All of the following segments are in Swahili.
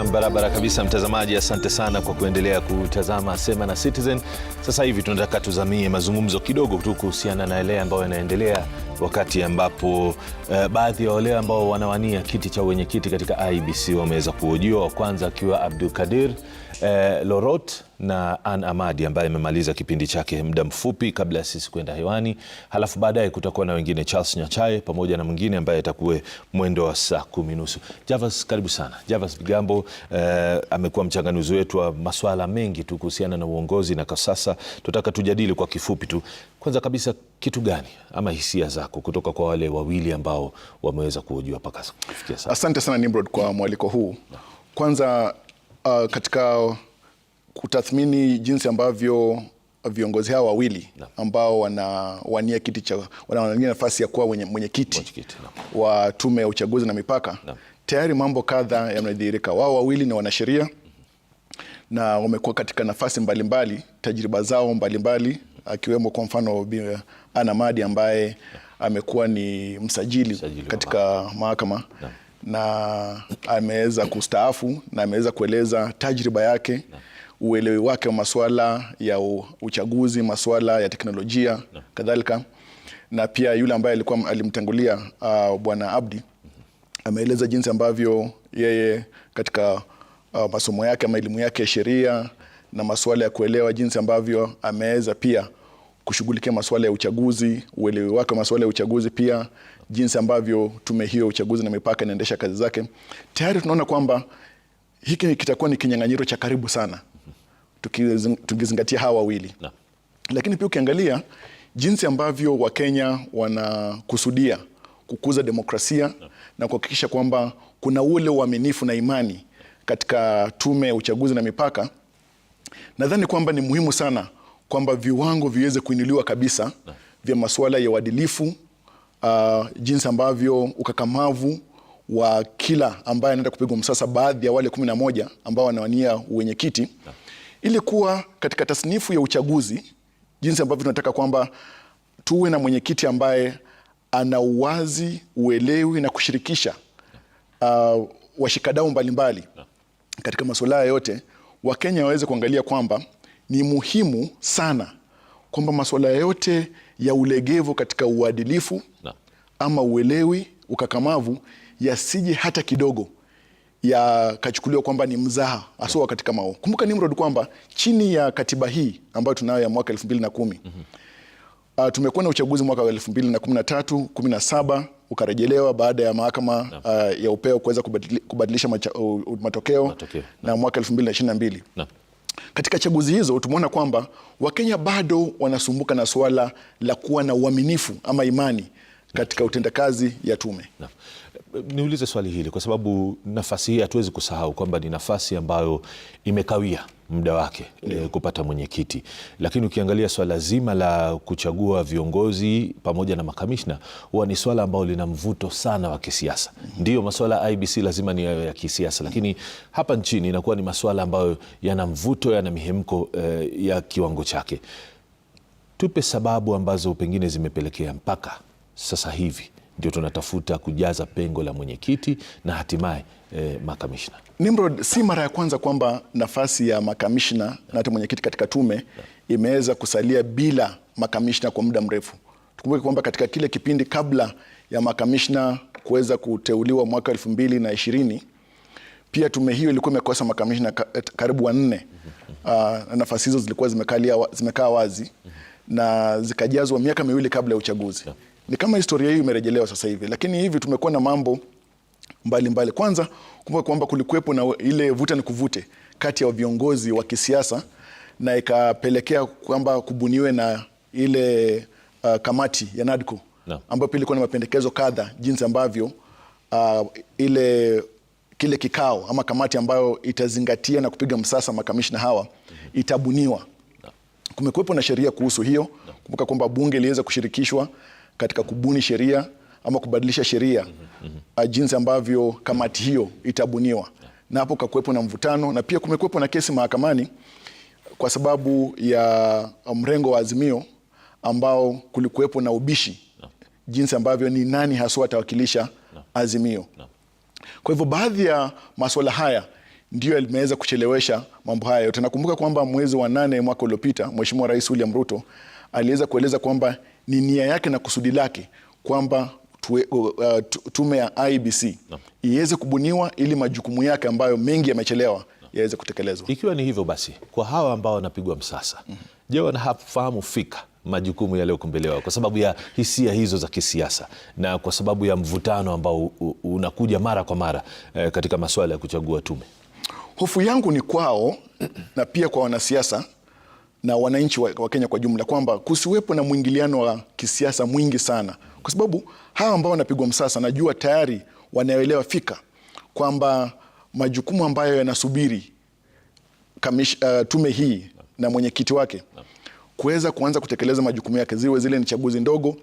Naam, barabara kabisa mtazamaji, asante sana kwa kuendelea kutazama Sema na Citizen. Sasa hivi tunataka tuzamie mazungumzo kidogo tu kuhusiana na yale ambayo yanaendelea wakati ambapo uh, baadhi ya wale ambao wanawania kiti cha wenyekiti katika IEBC wameweza kuhojiwa, wa kwanza akiwa Abdul Kadir eh, Lorot na Ann Amadi ambaye amemaliza kipindi chake muda mfupi kabla ya sisi kwenda hewani. Halafu baadaye kutakuwa na wengine Charles Nyachae pamoja na mwingine ambaye atakuwa mwendo wa saa kumi nusu. Javas, karibu sana. Javas Bigambo eh, amekuwa mchanganuzi wetu wa masuala mengi tu kuhusiana na uongozi, na kwa sasa tutaka tujadili kwa kifupi tu, kwanza kabisa kitu gani ama hisia zako kutoka kwa wale wawili ambao wameweza kuhojiwa mpaka kufikia sasa? Asante sana Nimrod kwa mwaliko huu. Kwanza uh, katika kutathmini jinsi ambavyo viongozi hawa wawili ambao wanawania kiti cha wanawania nafasi ya kuwa mwenyekiti mwenye wa tume ya uchaguzi na mipaka na. Tayari mambo kadha yamedhihirika. Wao wawili ni wanasheria mhm. na wamekuwa katika nafasi mbalimbali mbali, tajriba zao mbalimbali akiwemo kwa mfano Ana Madi ambaye amekuwa ni msajili, msajili katika mahakama na na ameweza kustaafu na ameweza kueleza tajriba yake uelewi wake wa masuala ya uchaguzi, masuala ya teknolojia kadhalika, na pia yule ambaye alikuwa alimtangulia uh, Bwana Abdi mhm. ameeleza jinsi ambavyo yeye katika uh, masomo yake ama elimu yake ya sheria na masuala ya kuelewa jinsi ambavyo ameweza pia kushughulikia masuala ya uchaguzi, uelewi wake wa masuala ya uchaguzi, pia jinsi ambavyo tume hiyo uchaguzi na mipaka inaendesha kazi zake. Tayari tunaona kwamba hiki kitakuwa ni kinyang'anyiro cha karibu sana tukizingatia hawa wawili Lakini pia ukiangalia jinsi ambavyo Wakenya wanakusudia kukuza demokrasia na kuhakikisha kwamba kuna ule uaminifu na imani katika tume ya uchaguzi na mipaka, nadhani kwamba ni muhimu sana kwamba viwango viweze kuinuliwa kabisa vya masuala ya uadilifu, uh, jinsi ambavyo ukakamavu wa kila ambaye anaenda kupigwa msasa, baadhi ya wale kumi na moja ambao wanawania uwenyekiti, ili kuwa katika tasnifu ya uchaguzi, jinsi ambavyo tunataka kwamba tuwe na mwenyekiti ambaye ana uwazi, uelewi na kushirikisha uh, washikadau mbalimbali katika masuala yote, Wakenya waweze kuangalia kwamba ni muhimu sana kwamba masuala yote ya ulegevu katika uadilifu na ama uelewi, ukakamavu yasije hata kidogo yakachukuliwa kwamba ni mzaha haswa katika kama Kumbuka Nimrod kwamba chini ya katiba hii ambayo tunayo ya mwaka elfu mbili na kumi mm -hmm. uh, tumekuwa na uchaguzi mwaka wa elfu mbili na kumi na tatu kumi na saba ukarejelewa baada ya mahakama uh, ya upeo kuweza kubadilisha macha, uh, matokeo, matokeo na mwaka elfu mbili na ishirini na mbili katika chaguzi hizo tumeona kwamba Wakenya bado wanasumbuka na suala la kuwa na uaminifu ama imani katika utendakazi ya tume. Na, niulize swali hili kwa sababu nafasi hii hatuwezi kusahau kwamba ni nafasi ambayo imekawia muda wake yeah, kupata mwenyekiti. Lakini ukiangalia swala zima la kuchagua viongozi pamoja na makamishna huwa ni swala ambalo lina mvuto sana wa kisiasa. mm -hmm. Ndiyo maswala ya IBC lazima ni ya kisiasa, lakini hapa nchini inakuwa ni maswala ambayo yana mvuto, yana mihemko eh, ya kiwango chake. Tupe sababu ambazo pengine zimepelekea mpaka sasa hivi ndio tunatafuta kujaza pengo la mwenyekiti na hatimaye eh, makamishna. Nimrod, si mara ya kwanza kwamba nafasi ya makamishna na hata mwenyekiti katika tume imeweza kusalia bila makamishna kwa muda mrefu. Tukumbuke kwamba katika kile kipindi kabla ya makamishna kuweza kuteuliwa mwaka elfu mbili na ishirini pia tume hiyo ilikuwa imekosa makamishna eh, karibu wanne. Uh, nafasi hizo zilikuwa zimekaa wazi mm-hmm. na zikajazwa miaka miwili kabla ya uchaguzi. Ni kama historia hiyo imerejelewa sasa hivi, lakini hivi tumekuwa na mambo mbalimbali mbali. Kwanza kumbuka kwamba kulikuwepo na ile vuta ni kuvute kati ya viongozi wa kisiasa na ikapelekea kwamba kubuniwe na ile uh, kamati ya NADCO no. ambayo pia ilikuwa na mapendekezo kadha jinsi ambavyo uh, ile kile kikao ama kamati ambayo itazingatia na kupiga msasa makamishna hawa mm -hmm. itabuniwa no. Kumekuwepo na sheria kuhusu hiyo no. Kumbuka kwamba bunge iliweza kushirikishwa katika kubuni sheria ama kubadilisha sheria mm -hmm. jinsi ambavyo kamati hiyo itabuniwa yeah. na hapo kakuwepo na mvutano na pia kumekuwepo na kesi mahakamani kwa sababu ya um, mrengo wa Azimio ambao kulikuwepo na ubishi no. jinsi ambavyo ni nani haswa atawakilisha no. Azimio no. Kwa hivyo baadhi ya masuala haya ndiyo yameweza kuchelewesha mambo haya yote. Nakumbuka kwamba mwezi wa nane mwaka uliopita mweshimua Rais William Ruto aliweza kueleza kwamba ni nia yake na kusudi lake kwamba tuwe, uh, tume ya IBC iweze kubuniwa ili majukumu yake ambayo mengi yamechelewa yaweze kutekelezwa. Ikiwa ni hivyo basi, kwa hawa ambao wanapigwa msasa mm -hmm. je, wanafahamu fika majukumu yaliyokumbelewa kwa sababu ya hisia hizo za kisiasa na kwa sababu ya mvutano ambao unakuja mara kwa mara eh, katika masuala ya kuchagua tume? Hofu yangu ni kwao na pia kwa wanasiasa na wananchi wa Kenya kwa jumla kwamba kusiwepo na mwingiliano wa kisiasa mwingi sana, kwa sababu hawa ambao wanapigwa msasa, najua tayari wanaelewa fika kwamba majukumu ambayo yanasubiri uh, tume hii na mwenyekiti wake kuweza kuanza kutekeleza majukumu yake, ziwe zile ni chaguzi ndogo,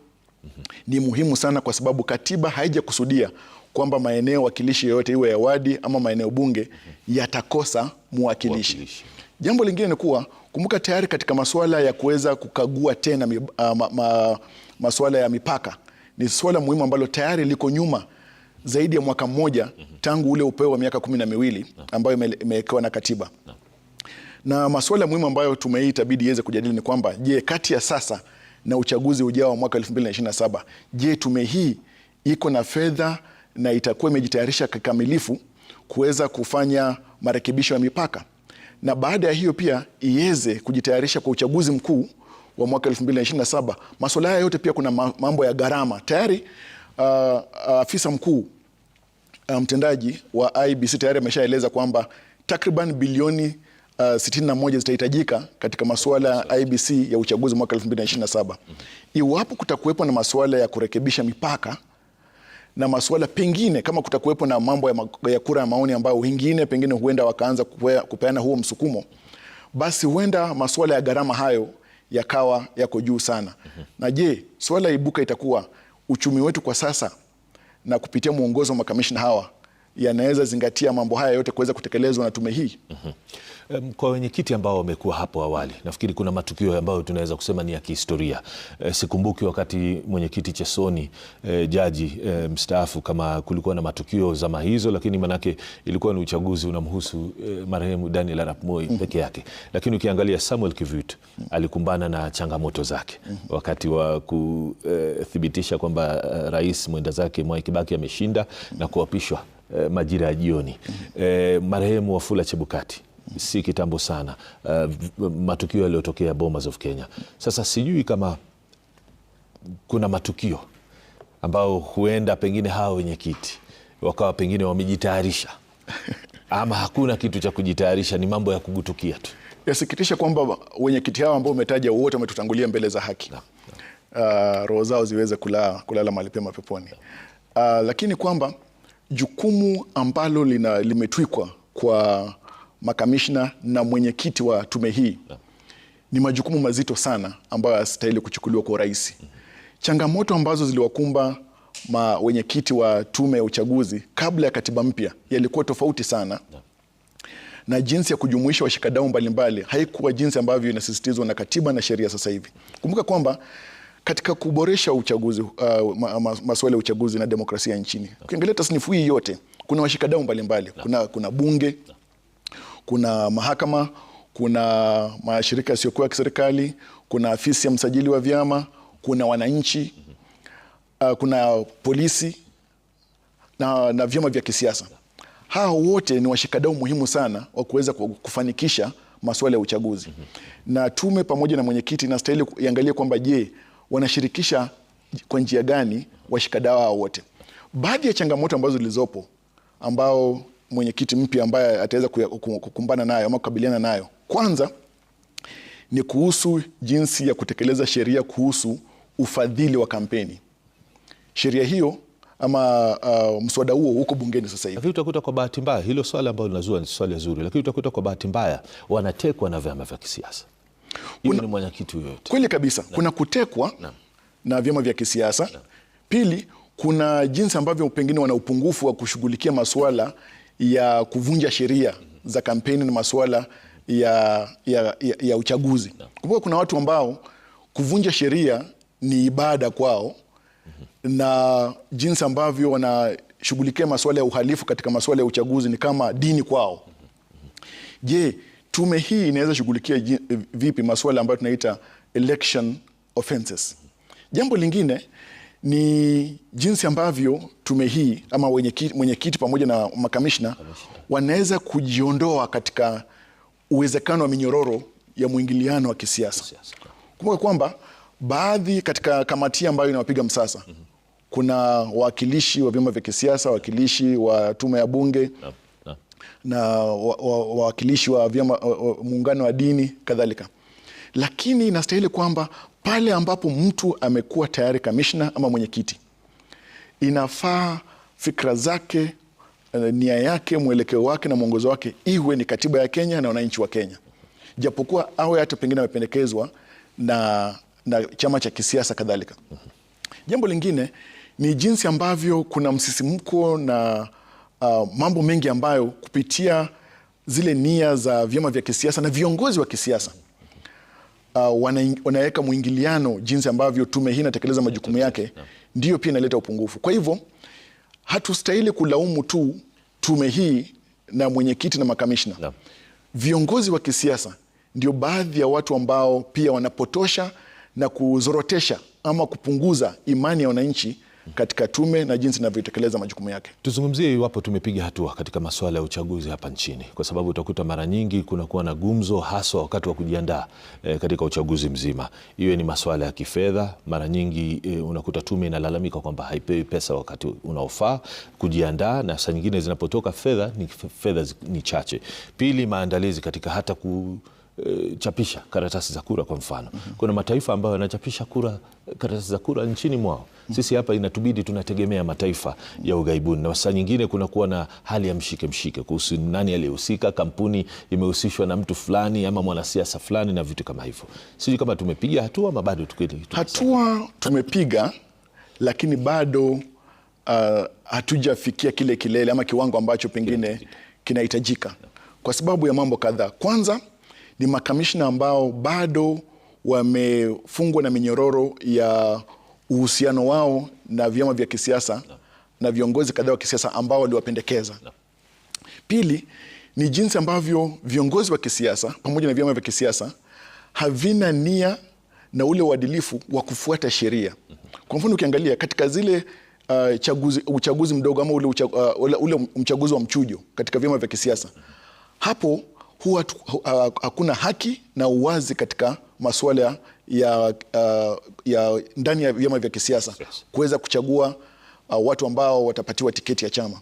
ni muhimu sana, kwa sababu katiba haijakusudia kwamba maeneo wakilishi yoyote iwe ya wadi ama maeneo bunge yatakosa mwakilishi. Jambo lingine ni kuwa Kumbuka tayari katika masuala ya kuweza kukagua tena uh, ma, ma, masuala ya mipaka ni suala muhimu ambalo tayari liko nyuma zaidi ya mwaka mmoja mhm. tangu ule upeo wa miaka kumi na miwili mhm. ambayo imewekewa na katiba, mhm. na masuala muhimu ambayo tume hii itabidi iweze kujadili ni kwamba, je, kati ya sasa na uchaguzi ujao wa mwaka 2027 je, tume hii iko na fedha na itakuwa imejitayarisha kikamilifu kuweza kufanya marekebisho ya mipaka? na baada ya hiyo pia iweze kujitayarisha kwa uchaguzi mkuu wa mwaka 2027. Masuala haya yote pia kuna mambo ya gharama tayari. Afisa uh, uh, mkuu uh, mtendaji wa IEBC tayari ameshaeleza kwamba takriban bilioni uh, 61 zitahitajika katika masuala ya IEBC ya uchaguzi mwaka 2027. Mhm. Iwapo kutakuwepo na masuala ya kurekebisha mipaka na masuala pengine kama kutakuwepo na mambo ya kura ya maoni ambayo wengine pengine huenda wakaanza kupeana huo msukumo, basi huenda masuala ya gharama hayo yakawa yako juu sana. mm -hmm. Na je, swala ibuka itakuwa uchumi wetu kwa sasa na kupitia mwongozo wa makamishina hawa yanaweza zingatia mambo haya yote kuweza kutekelezwa na tume hii. mm -hmm. Kwa wenyekiti ambao wamekuwa hapo awali, nafikiri kuna matukio ambayo tunaweza kusema ni ya kihistoria. E, sikumbuki wakati mwenyekiti Chesoni e, jaji e, mstaafu kama kulikuwa na matukio zama hizo, lakini manake ilikuwa ni uchaguzi unamhusu e, marehemu Daniel Arap Moi mm -hmm. peke yake, lakini ukiangalia Samuel Kivut mm -hmm. alikumbana na changamoto zake mm -hmm. wakati wa kuthibitisha kwamba rais mwenda zake Mwai Kibaki ameshinda mm -hmm. na kuapishwa eh, majira ya jioni eh, marehemu Wafula Chebukati si kitambo sana uh, matukio yaliyotokea Bomas of Kenya. Sasa sijui kama kuna matukio ambayo huenda pengine hawa wenyekiti wakawa pengine wamejitayarisha ama hakuna kitu cha kujitayarisha, ni mambo ya kugutukia tu. Yasikitisha kwamba wenyekiti hao ambao umetaja wote wametutangulia mbele za haki na, na. Uh, roho zao ziweze kulala kulala mahali pema peponi, uh, lakini kwamba jukumu ambalo lina, limetwikwa kwa makamishna na mwenyekiti wa tume hii ni majukumu mazito sana ambayo hayastahili kuchukuliwa kwa urahisi. Changamoto ambazo ziliwakumba ma wenyekiti wa tume ya uchaguzi kabla ya katiba mpya yalikuwa tofauti sana na jinsi ya kujumuisha washikadau mbalimbali haikuwa jinsi ambavyo inasisitizwa na katiba na sheria sasa hivi. Kumbuka kwamba katika kuboresha uchaguzi uh, masuala ya uchaguzi na demokrasia nchini. Ukiangalia tasnifu hii yote, kuna washikadau mbalimbali, kuna, kuna bunge, kuna mahakama, kuna mashirika yasiyokuwa ya kiserikali, kuna afisi ya msajili wa vyama, kuna wananchi uh, kuna polisi na, na vyama vya kisiasa. Hao wote ni washikadau muhimu sana wa kuweza kufanikisha masuala ya uchaguzi, mm-hmm. na tume pamoja na mwenyekiti inastahili iangalie kwamba je wanashirikisha kwa njia gani washikadau hao wote. Baadhi ya changamoto ambazo zilizopo ambao mwenyekiti mpya ambaye ataweza kukumbana nayo ama kukabiliana nayo, kwanza ni kuhusu jinsi ya kutekeleza sheria kuhusu ufadhili wa kampeni. Sheria hiyo ama uh, mswada huo uko bungeni sasa hivi, lakini utakuta kwa bahati mbaya hilo swali ambalo linazua ni swali zuri, lakini utakuta kwa bahati mbaya wanatekwa na vyama vya kisiasa. Ni mwenyekiti Kweli kabisa na. Kuna kutekwa na, na vyama vya kisiasa na. Pili, kuna jinsi ambavyo pengine wana upungufu wa kushughulikia masuala ya kuvunja sheria mhm. za kampeni na masuala ya, ya, ya, ya uchaguzi. Kumbuka kuna watu ambao kuvunja sheria ni ibada kwao mhm. na jinsi ambavyo wanashughulikia masuala ya uhalifu katika masuala ya uchaguzi ni kama dini kwao. Mhm. Je, tume hii inaweza shughulikia eh, vipi masuala ambayo tunaita election offenses. Jambo lingine ni jinsi ambavyo tume hii ama mwenyekiti pamoja na makamishna wanaweza kujiondoa katika uwezekano wa minyororo ya mwingiliano wa kisiasa. Kumbuka kwamba baadhi katika kamati ambayo inawapiga msasa, mhm. kuna wawakilishi wa vyama vya kisiasa, wawakilishi wa tume ya bunge na wawakilishi wa vyama muungano wa dini kadhalika, lakini inastahili kwamba pale ambapo mtu amekuwa tayari kamishna ama mwenyekiti, inafaa fikra zake, eh, nia yake, mwelekeo wake na mwongozo wake iwe ni katiba ya Kenya na wananchi wa Kenya, japokuwa awe hata pengine amependekezwa na, na chama cha kisiasa kadhalika. Mm-hmm. Jambo lingine ni jinsi ambavyo kuna msisimko na uh, mambo mengi ambayo kupitia zile nia za vyama vya kisiasa na viongozi wa kisiasa uh, wanaweka mwingiliano jinsi ambavyo tume hii inatekeleza majukumu yake, ndiyo pia inaleta upungufu. Kwa hivyo hatustahili kulaumu tu tume hii na mwenyekiti na makamishna Viongozi wa kisiasa ndio baadhi ya watu ambao pia wanapotosha na kuzorotesha ama kupunguza imani ya wananchi katika tume na jinsi inavyotekeleza majukumu yake. Tuzungumzie iwapo tumepiga hatua katika masuala ya uchaguzi hapa nchini, kwa sababu utakuta mara nyingi kunakuwa na gumzo haswa wakati wa kujiandaa e, katika uchaguzi mzima, iwe ni masuala ya kifedha. Mara nyingi e, unakuta tume inalalamika kwamba haipewi pesa wakati unaofaa kujiandaa, na saa nyingine zinapotoka fedha ni fedha ni chache. Pili, maandalizi katika hata ku Eh, chapisha karatasi za kura kwa mfano. mm -hmm. Kuna mataifa ambayo yanachapisha kura eh, karatasi za kura nchini mwao. mm -hmm. Sisi hapa inatubidi tunategemea mataifa ya ughaibuni, na saa nyingine kunakuwa na hali ya mshike mshike kuhusu nani aliyehusika, kampuni imehusishwa na mtu fulani ama mwanasiasa fulani na vitu kama hivyo. Sijui kama tumepiga hatua ama bado tukili, hatua tumepiga lakini bado Uh, hatujafikia kile kilele ama kiwango ambacho pengine kinahitajika kwa sababu ya mambo kadhaa. Kwanza ni makamishna ambao bado wamefungwa na minyororo ya uhusiano wao na vyama vya kisiasa no. na viongozi kadhaa wa kisiasa ambao waliwapendekeza no. Pili ni jinsi ambavyo viongozi wa kisiasa pamoja na vyama vya kisiasa havina nia na ule uadilifu wa kufuata sheria. Mm-hmm. Kwa mfano, ukiangalia katika zile uh, chaguzi, uchaguzi mdogo ama ule, ucha, uh, ule mchaguzi wa mchujo katika vyama vya kisiasa mm-hmm. hapo huwa ah, hakuna haki na uwazi katika masuala ya, uh, ya ndani ya vyama vya kisiasa kuweza kuchagua uh, watu ambao watapatiwa tiketi ya chama.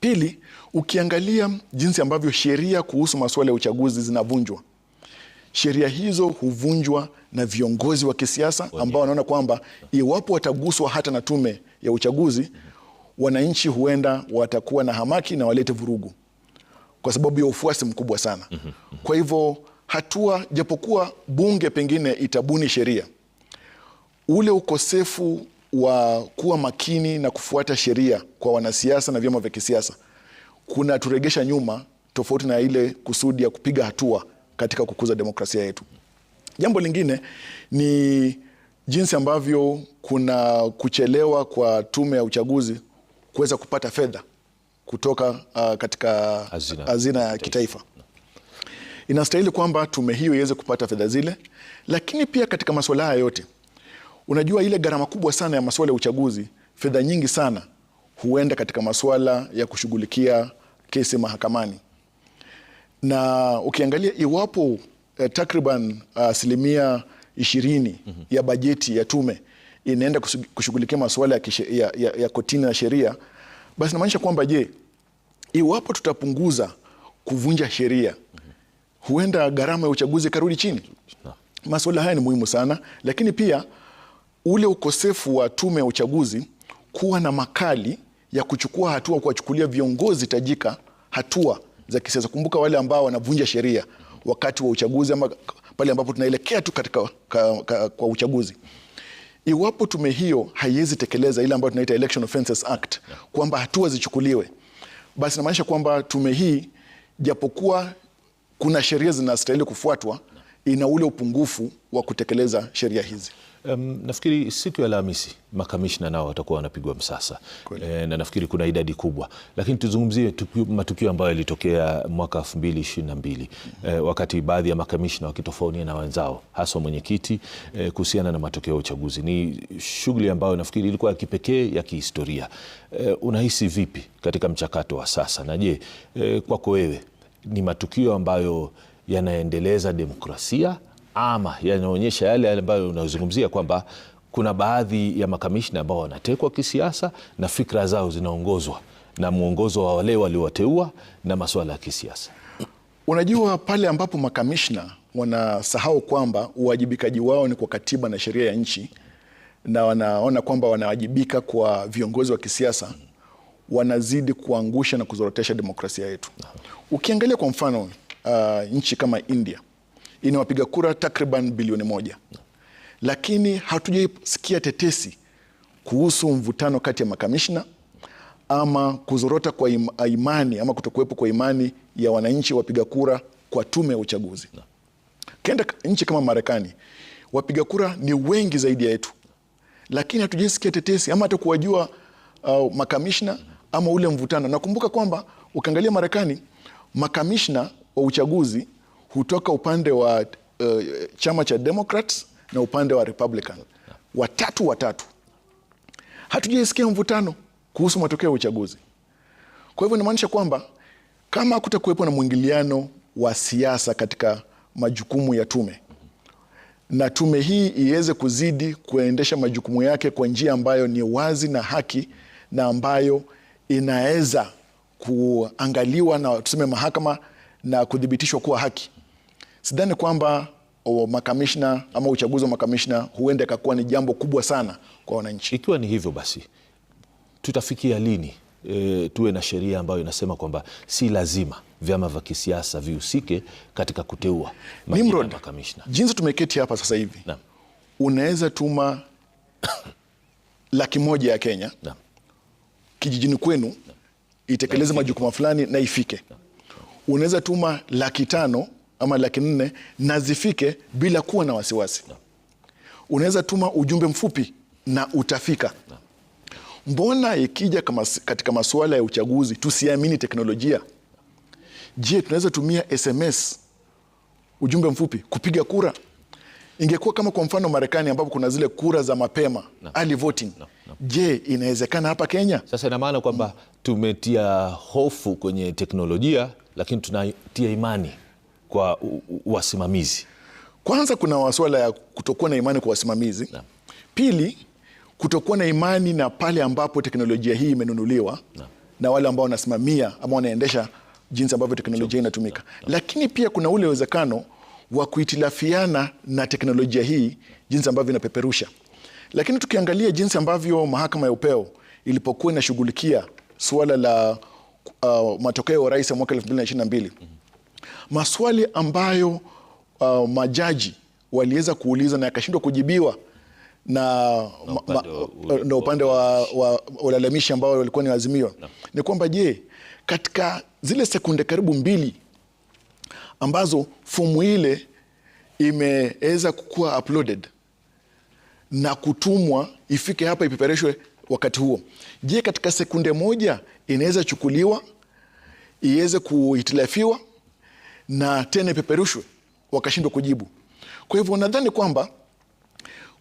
Pili, ukiangalia jinsi ambavyo sheria kuhusu masuala ya uchaguzi zinavunjwa, sheria hizo huvunjwa na viongozi wa kisiasa ambao wanaona kwamba iwapo wataguswa hata na tume ya uchaguzi, mm-hmm. wananchi huenda watakuwa na hamaki na walete vurugu kwa sababu ya ufuasi mkubwa sana. Kwa hivyo hatua, japokuwa bunge pengine itabuni sheria, ule ukosefu wa kuwa makini na kufuata sheria kwa wanasiasa na vyama vya kisiasa kuna turegesha nyuma, tofauti na ile kusudi ya kupiga hatua katika kukuza demokrasia yetu. Jambo lingine ni jinsi ambavyo kuna kuchelewa kwa tume ya uchaguzi kuweza kupata fedha kutoka uh, katika hazina, hazina ya kitaifa. Inastahili kwamba tume hiyo iweze kupata fedha zile, lakini pia katika masuala haya yote, unajua ile gharama kubwa sana ya masuala ya uchaguzi, fedha nyingi sana huenda katika masuala ya kushughulikia kesi mahakamani, na ukiangalia iwapo eh, takriban uh, asilimia uh, ishirini mm -hmm. ya bajeti ya tume inaenda kushughulikia masuala ya, ya, ya, ya kotini na sheria basi namaanisha kwamba je, iwapo tutapunguza kuvunja sheria huenda gharama ya uchaguzi ikarudi chini. Masuala haya ni muhimu sana, lakini pia ule ukosefu wa tume ya uchaguzi kuwa na makali ya kuchukua hatua, kuwachukulia viongozi tajika hatua za kisiasa. Kumbuka wale ambao wanavunja sheria wakati wa uchaguzi ama pale ambapo tunaelekea tu katika kwa uchaguzi Iwapo tume hiyo haiwezi tekeleza ile ambayo tunaita Election Offences Act kwamba hatua zichukuliwe, basi inamaanisha kwamba tume hii japokuwa kuna sheria zinastahili kufuatwa, ina ule upungufu wa kutekeleza sheria hizi. Um, nafikiri siku ya Alhamisi makamishna nao watakuwa wanapigwa msasa e, na nafikiri kuna idadi kubwa, lakini tuzungumzie matukio ambayo yalitokea mwaka 2022 e, mm-hmm. eh, wakati baadhi ya makamishna wakitofautiana na wenzao hasa mwenyekiti e, kuhusiana na matokeo ya uchaguzi. Ni shughuli ambayo nafikiri ilikuwa ya kipekee ya kihistoria. E, unahisi vipi katika mchakato wa sasa, na je, kwako wewe ni matukio ambayo yanaendeleza demokrasia ama yanaonyesha yale ambayo unazungumzia kwamba kuna baadhi ya makamishna ambao wanatekwa kisiasa na fikra zao zinaongozwa na mwongozo wa wale waliowateua na masuala ya kisiasa. Unajua, pale ambapo makamishna wanasahau kwamba uwajibikaji wao ni kwa katiba na sheria ya nchi na wanaona kwamba wanawajibika kwa viongozi wa kisiasa, wanazidi kuangusha na kuzorotesha demokrasia yetu. Ukiangalia kwa mfano uh, nchi kama India ina wapiga kura takriban bilioni moja, lakini hatujaisikia tetesi kuhusu mvutano kati ya makamishna ama kuzorota kwa imani ama kutokuwepo kwa imani ya wananchi wapiga kura kwa tume ya uchaguzi. Kenda nchi kama Marekani, wapiga kura ni wengi zaidi ya yetu, lakini hatujaisikia tetesi ama hata kuwajua uh, makamishna ama ule mvutano. Nakumbuka kwamba ukiangalia Marekani, makamishna wa uchaguzi hutoka upande wa uh, chama cha Democrats na upande wa Republican, watatu watatu. Hatujaisikia mvutano kuhusu matokeo ya uchaguzi. Kwa hivyo inamaanisha kwamba kama kuwepo na mwingiliano wa siasa katika majukumu ya tume na tume hii iweze kuzidi kuendesha majukumu yake kwa njia ambayo ni wazi na haki na ambayo inaweza kuangaliwa na tuseme mahakama na kuthibitishwa kuwa haki, sidhani kwamba makamishna ama uchaguzi wa makamishna huenda ikakuwa ni jambo kubwa sana kwa wananchi. Ikiwa ni hivyo basi, tutafikia lini e, tuwe na sheria ambayo inasema kwamba si lazima vyama vya kisiasa vihusike katika kuteua Nimrod, makamishna? Jinsi tumeketi hapa sasa hivi, unaweza tuma laki moja ya Kenya na kijijini kwenu itekeleze majukumu fulani na ifike. Unaweza tuma laki tano ama laki nne na zifike bila kuwa na wasiwasi no. Unaweza tuma ujumbe mfupi na utafika no. Mbona ikija kama katika masuala ya uchaguzi tusiamini teknolojia? Je, tunaweza tumia SMS, ujumbe mfupi kupiga kura? Ingekuwa kama kwa mfano Marekani ambapo kuna zile kura za mapema no. early voting no. No. Je, inawezekana hapa Kenya? Sasa ina maana kwamba tumetia hofu kwenye teknolojia, lakini tunatia imani kwa wasimamizi? Kwanza kuna masuala ya kutokuwa na imani kwa wasimamizi na. Pili, kutokuwa na imani na pale ambapo teknolojia hii imenunuliwa na, na wale ambao wanasimamia ama wanaendesha jinsi ambavyo teknolojia inatumika na. Na. Lakini pia kuna ule uwezekano wa kuhitilafiana na teknolojia hii jinsi ambavyo inapeperusha. Lakini tukiangalia jinsi ambavyo mahakama ya upeo ilipokuwa inashughulikia suala la uh, matokeo ya rais ya mwaka -hmm maswali ambayo uh, majaji waliweza kuuliza na yakashindwa kujibiwa na, na upande, ma, uh, wa walalamishi ambao walikuwa ni Azimio no. Ni kwamba je, katika zile sekunde karibu mbili ambazo fomu ile imeweza kukuwa uploaded na kutumwa ifike hapa ipepereshwe wakati huo, je, katika sekunde moja inaweza chukuliwa iweze kuhitilafiwa na tena ipeperushwe, wakashindwa kujibu. Kwa hivyo nadhani kwamba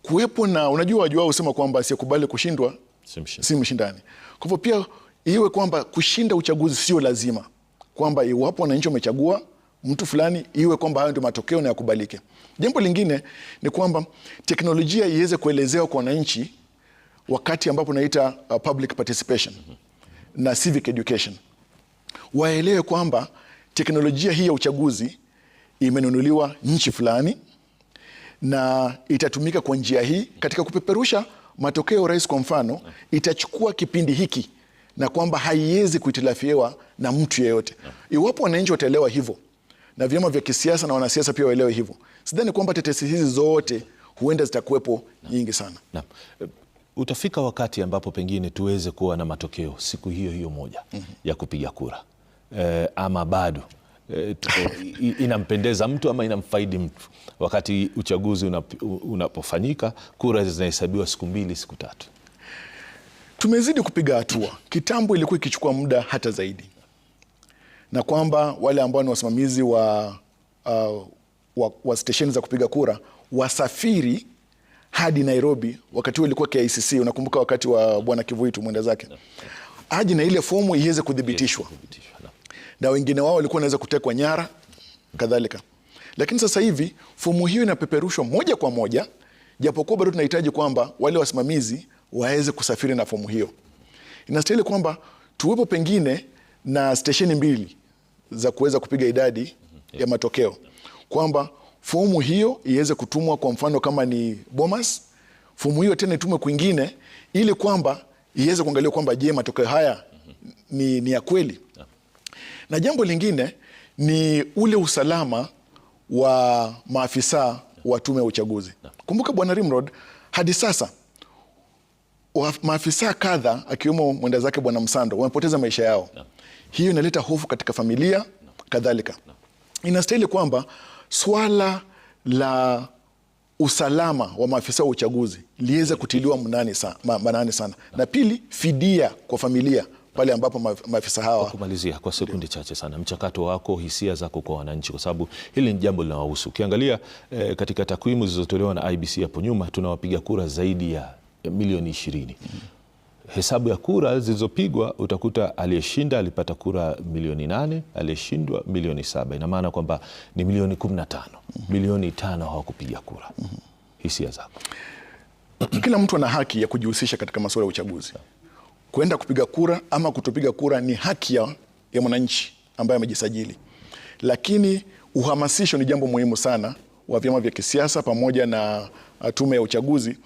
kuwepo na unajua, wajua usema kwamba asiyekubali kushindwa si mshindani. Kwa hivyo pia iwe kwamba kushinda uchaguzi sio lazima, kwamba iwapo wananchi wamechagua mtu fulani, iwe kwamba hayo ndio matokeo na yakubalike. Jambo lingine ni kwamba teknolojia iweze kuelezewa kwa wananchi wakati ambapo naita uh, public participation mhm. na civic education, waelewe kwamba teknolojia hii ya uchaguzi imenunuliwa nchi fulani na itatumika kwa njia hii katika kupeperusha matokeo ya urais kwa mfano, itachukua kipindi hiki, na kwamba haiwezi kuhitilafiwa na mtu yeyote. Iwapo wananchi wataelewa hivyo na vyama vya kisiasa na wanasiasa pia waelewe hivyo, sidhani kwamba tetesi hizi zote huenda zitakuwepo nyingi sana na. Eh, utafika wakati ambapo pengine tuweze kuwa na matokeo siku hiyo hiyo moja mm -hmm. ya kupiga kura eh, ama bado eh, inampendeza mtu ama inamfaidi mtu. Wakati uchaguzi unapofanyika unapofanyika kura zinahesabiwa siku mbili, siku tatu. Tumezidi kupiga hatua. Kitambo ilikuwa ikichukua muda hata zaidi, na kwamba wale ambao ni wasimamizi wa, uh, wa, wa stesheni za kupiga kura wasafiri hadi Nairobi. Wakati huo ilikuwa KICC, unakumbuka wakati wa bwana Kivuitu mwenda zake aji na ile fomu iweze kuthibitishwa na wengine wao walikuwa wanaweza kutekwa nyara kadhalika. Lakini sasa hivi fomu hiyo inapeperushwa moja kwa moja, japokuwa bado tunahitaji kwamba wale wasimamizi waweze kusafiri na fomu hiyo. Inastahili kwamba tuwepo pengine na stesheni mbili za kuweza kupiga idadi ya matokeo, kwamba fomu hiyo iweze kutumwa, kwa mfano kama ni Bomas, fomu hiyo tena itumwe kwingine, ili kwamba iweze kuangalia kwamba je, matokeo haya ni, ni ya kweli. Na jambo lingine ni ule usalama wa maafisa wa tume ya uchaguzi. Kumbuka Bwana Rimrod, hadi sasa maafisa kadha akiwemo mwenda zake Bwana Msando wamepoteza maisha yao. Hiyo inaleta hofu katika familia kadhalika. Inastahili kwamba swala la usalama wa maafisa wa uchaguzi liweze kutiliwa manani sana, manani sana. Na pili, fidia kwa familia pale ambapo maafisa hawa. Kwa kumalizia kwa sekundi chache sana, mchakato wako, hisia zako kwa wananchi, kwa sababu hili ni jambo linawahusu. Ukiangalia eh, katika takwimu zilizotolewa na IBC hapo nyuma, tunawapiga kura zaidi ya milioni ishirini. -hmm hesabu ya kura zilizopigwa utakuta aliyeshinda alipata kura milioni nane, aliyeshindwa milioni saba. Ina maana kwamba ni milioni kumi na tano, milioni tano hawakupiga kura. Mhm. Hisia zako? Kila mtu ana haki ya kujihusisha katika masuala ya uchaguzi. Kwenda kupiga kura ama kutopiga kura ni haki ya, ya mwananchi ambaye amejisajili, lakini uhamasisho ni jambo muhimu sana wa vyama vya kisiasa pamoja na uh, tume ya uchaguzi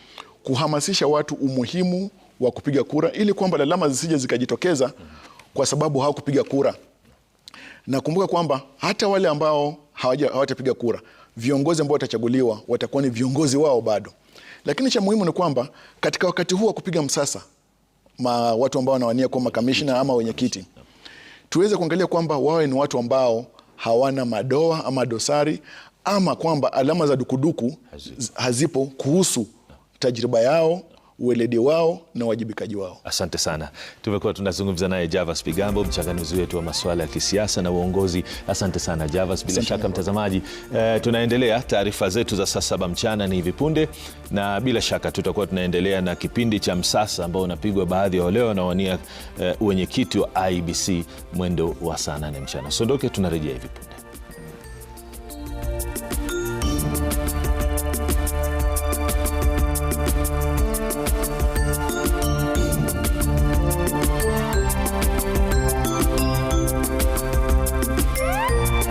kuhamasisha watu umuhimu wa kupiga kura ili kwamba lalama zisije zikajitokeza kwa sababu hawakupiga kura. Nakumbuka kwamba hata wale ambao hawatapiga kura, viongozi ambao watachaguliwa watakuwa ni viongozi wao bado. Lakini cha muhimu ni kwamba katika wakati huu wa kupiga msasa ma, watu ambao wanawania kuwa makamishna ama wenyekiti, tuweze kuangalia kwamba wawe ni watu ambao hawana madoa ama dosari ama kwamba alama za dukuduku hazipo kuhusu tajriba yao ueledi wao na uwajibikaji wao. Asante sana. Tumekuwa tunazungumza naye Javas Bigambo, mchanganuzi wetu wa masuala ya kisiasa na uongozi. Asante sana Javas. Bila shaka mtazamaji, eh, tunaendelea taarifa zetu za saa saba mchana ni hivi punde, na bila shaka tutakuwa tunaendelea na kipindi cha msasa ambao unapigwa baadhi ya waleo wanaowania eh, wenyekiti wa IBC mwendo wa saa nane mchana. Sondoke, tunarejea hivi punde.